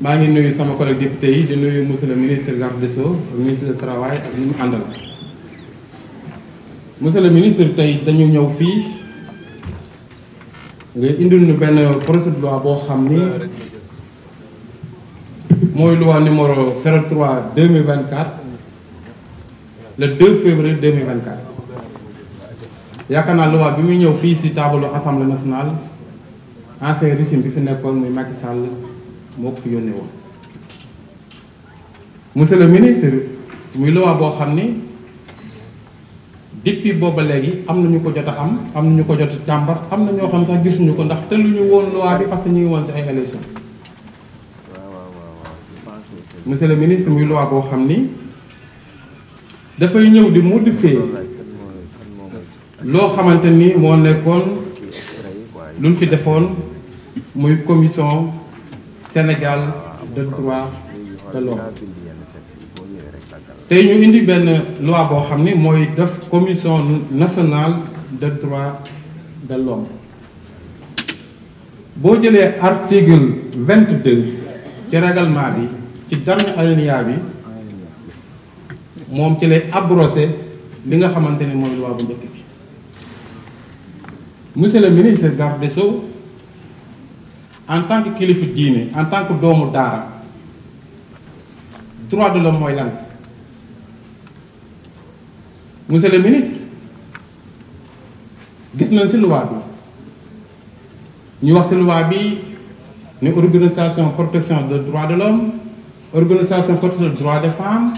maa ngi nuyu sama collègue député yi di nuyu monsieur le ministre garde des ministre de travail ak ñi mu àndal monsieur le ministre tey dañu ñëw fii nga indil nu benn projet boo xam ni mooy loi numéro 03 2024 le 2 février 2024 yaakaar naa loi bi muy ñëw fii si taabalu assemblée national ancien régime bi fi nekkoon muy Macky Sall moo ko fi yónnee woon. monsieur le ministre muy loi boo xam ni depuis booba léegi am na ko jot a am na ko jot a am na ñoo xam sax gisuñu ko ndax tëluñu woon loi bi parce que ñu ngi woon si ay élection monsieur le ministre muy loi boo xam ni. dafay ñëw di modifier loo xamante ni moo nekkoon lu mu fi defoon muy commission Sénégal de droit de l'homme tey ñu indi benn loi boo xam ni mooy def commission nationale de droit de l'homme boo jëlee article vingt-deux ci règlement bi ci dernier alinéa bi moom ci lay abrosé li nga xamante ni mooy loi bu bi monsieur le ministre garde des Sceaux en tant que kilifa diine en tant que doomu daara droit de l'homme mooy lan monsieur le ministre gis nañ ci loi bi ñu wax ci loi bi ne organisation protection de droits de l'homme organisation protection des droits des femmes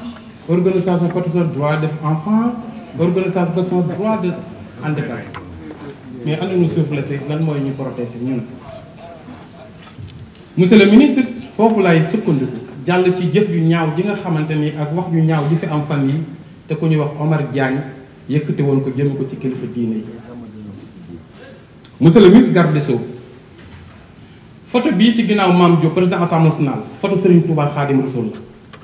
organisation protection droit des enfants organisation protection droit de handicap mais ana ñu suuf la lan mooy ñu protéger ñun. monsieur le ministre foofu lay sukkandiku jàll ci jëf yu ñaaw ji nga xamante ni ak wax yu ñaaw ji fi am fan yi te ku ñuy wax Omar Diagne yëkkati woon ko jëm ko ci kilifa diine yi. monsieur le ministre garde des Sceaux photo bii ci ginnaaw maam Diop président assemblée nationale photo Serigne Touba Khadim la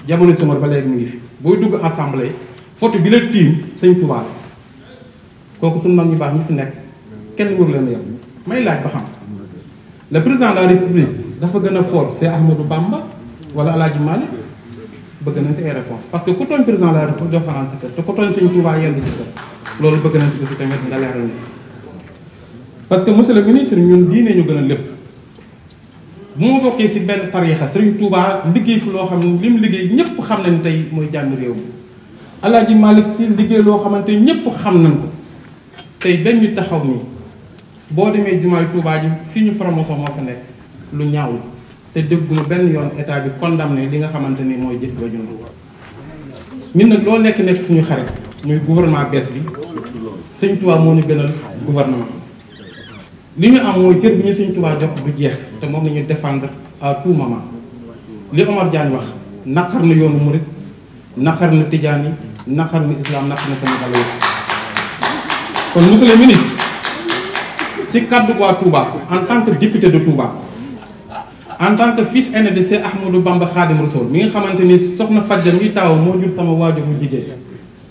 jamono Senghor ba léegi mu ngi fi booy dugg assemblée photo bi la tiim sëñ Tuubaa kooku suñu mag ñu baax ñu fi nekk kenn wër leen yow may laaj ba xam le président république dafa gën a foot c'est Ahmadou Bamba wala El Hadj bëgg nañ si ay réponse parce que ku tooñ président de la république dafa am si kër te ku tooñ sëñ Tuubaa yendu si kër loolu bëgg nañ si aussi tamit nga leer ñu si parce que monsieur le ministre ñun diine ñu gën a lépp. bu ma bokkee si benn tariixa Serigne Touba liggéey fi loo xam ne li mu liggéey ñëpp xam nañ tey mooy jàmm réew mi ji Malick si liggéey loo xamante ñëpp xam nañ ko tey benn taxaw nii boo demee jumaay Touba ji fii ñu formation moo fa nekk lu ñaaw te dégguma benn yoon état bi condamné li nga xamante ni mooy jëf ba ñun ñun nag loo nekk nekk suñu xarit muy gouvernement bees bi Serigne Touba moo ñu gënal gouvernement li ñu am mooy cër bi ñu Serigne Touba jeex te moom la ñu défendre à tout moment li Omar Diagne wax naqar na yoonu murit naqar na tijaan yi naqar na islam naqar na Sénégal yëpp kon monsieur le ministre ci kaddu waa Touba en tant que député de Touba en tant que fils aîné de Cheikh Ahmadou Bamba Khadim Rasoul mi na xamante ni soxna Fadja mi taaw moo jur sama waajuru jigéen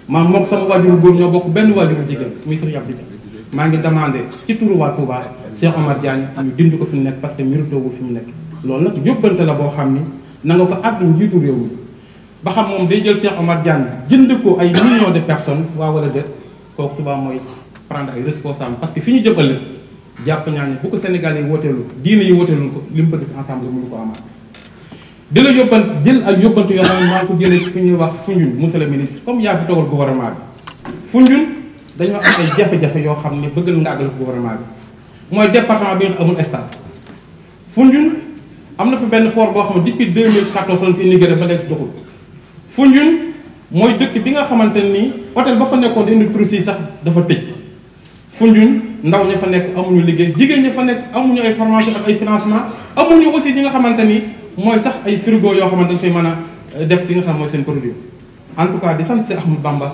maam mook sama waajuru góor ñoo bokk benn waajuru jigéen muy Serigne Abdou maa ngi demandé ci turu waa Touba Cheikh Omar Diagne ñu dind ko fi mu nekk parce que méritoowul fi mu nekk loolu nag yóbbante la boo xam ni na nga ko àddu njiitu réew mi ba xam moom day jël Cheikh Omar Diagne jënd ko ay millions de personnes waa wala déet kooku Touba mooy prendre ay responsable parce que fi ñu jëm jàpp naa ne bu ko Sénégal yi wooteelu diine yi wooteelu ko li mu bëgg si ensemble mënu ko amaat di la yóbban jël ak yóbbante yoo xam ne maa ngi ko jëlee fu ñuy wax Foundiougne monsieur le ministre comme yaa fi toogal gouvernement bi Foundiougne dañoo am ay jafe-jafe yoo xam ne bëgg nga àggale ko gouvernement bi mooy département bi nga amul am na fi benn port boo xam ne depuis 2014 lañ fi inauguré ba léegi doxul Foundiougne mooy dëkk bi nga xamante ni hôtel ba fa nekkoon di indi touristes yi sax dafa tëj Foundiougne ndaw ña fa nekk amuñu liggéey jigéen ña fa nekk amuñu ay formation ak financement amuñu aussi ñi nga xamante ni mooy sax ay frigo yoo xamante dañ fay mën a euh, def li nga xam mooy seen produit en tout cas di sant si Ahmadou Bamba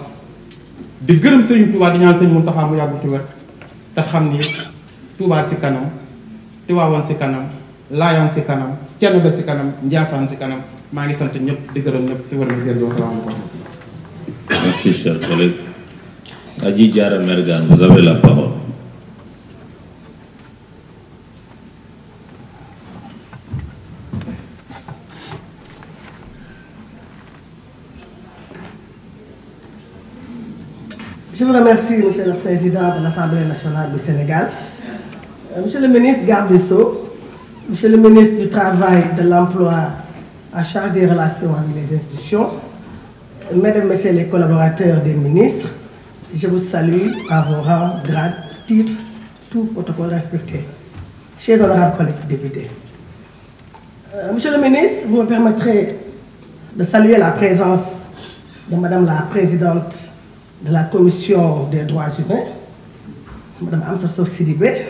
di gërëm sëriñ Touba di ñaan sëñ Mountakha mu yàggu ci wér te xam ni Touba si kanam Tiwaawan si kanam Laayaan si kanam Cenn si kanam Njaasaan si kanam maa ngi sant ñëpp di gërëm ñëpp si wér bi jërëjëf asalaamaaleykum merci cher collègue Adji Diarra Mergane vous avez la parole Je vous remercie, Monsieur le Président de l'Assemblée nationale du Sénégal, euh, Monsieur le ministre garde des Sceaux, Monsieur le ministre du Travail, de l'Emploi, à charge des relations avec les institutions, Mesdames, Messieurs les collaborateurs des ministres, je vous salue à vos rangs, grades, titres, tout protocole respecté. Chers honorables collègues députés, euh, Monsieur le ministre, vous me permettrez de saluer la présence de Madame la Présidente de la commission des droits humains madame Amsatou Sidibé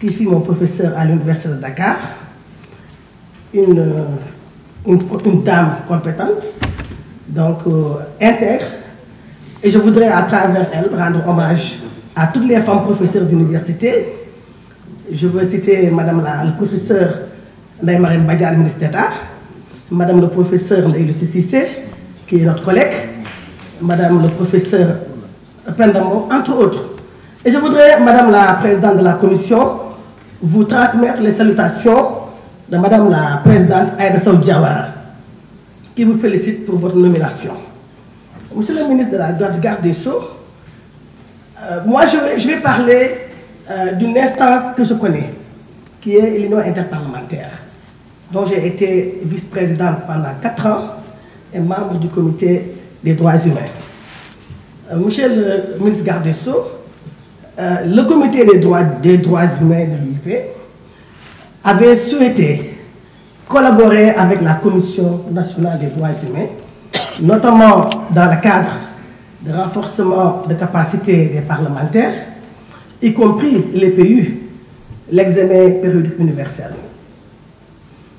qui fut mon professeur à l'université de Dakar euh, une une, dame compétente donc euh, intègre et je voudrais à travers elle rendre hommage à toutes les femmes professeurs d'université je veux citer madame la le professeur Ndeye Marème Badiane ministre d'État madame le professeur Ndeye Lucie Cissé qui est notre collègue Madame le professeur Pendamo, entre la Présidente de la Commission, vous transmettre les salutations de Madame la Présidente Aïda Diawara, qui vous félicite pour votre nomination. Monsieur le ministre de la Garde des Sceaux, euh, moi je vais, je vais parler euh, d'une instance que je connais, qui est l'Union interparlementaire, dont j'ai été vice-présidente pendant 4 ans et membre du comité des droits humains. Euh, monsieur le ministre garde des Sceaux, euh, le comité des droits, des droits humains de l'UIP avait souhaité collaborer avec la Commission nationale des droits humains, notamment dans le cadre de renforcement de capacités des parlementaires, y compris les PU, l'examen périodique universel.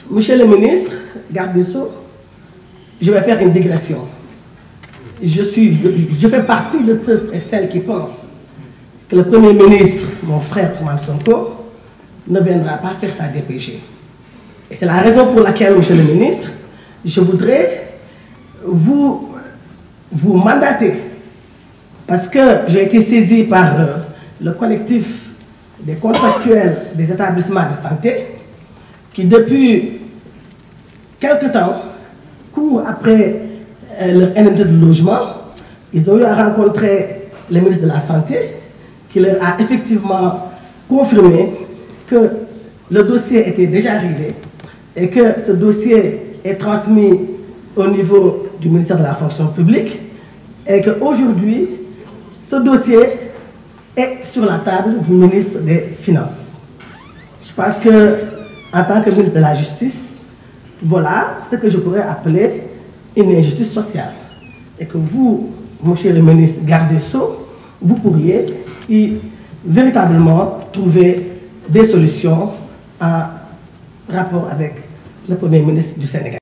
Monsieur le ministre, garde des Sceaux, je vais faire une digression. je suis je fais partie de ceux et celles qui pensent que le Premier ministre, mon frère Ousmane Sonko, ne viendra pas faire sa DPG. Et c'est la raison pour laquelle, monsieur le ministre, je voudrais vous vous mandater parce que j'ai été saisi par euh, le collectif des contractuels des établissements de santé qui depuis quelque temps court après Euh, leur indemnité de logement. Ils ont eu à rencontrer le ministre de la Santé qui leur a effectivement confirmé que le dossier était déjà arrivé et que ce dossier est transmis au niveau du ministère de la Fonction publique et qu'aujourd'hui, ce dossier est sur la table du ministre des Finances. Je pense que, en tant que ministre de la Justice, voilà ce que je pourrais appeler une injustice sociale. Et que vous, monsieur le ministre Garde Sceaux, vous pourriez y véritablement trouver des solutions en rapport avec le Premier ministre du Sénégal.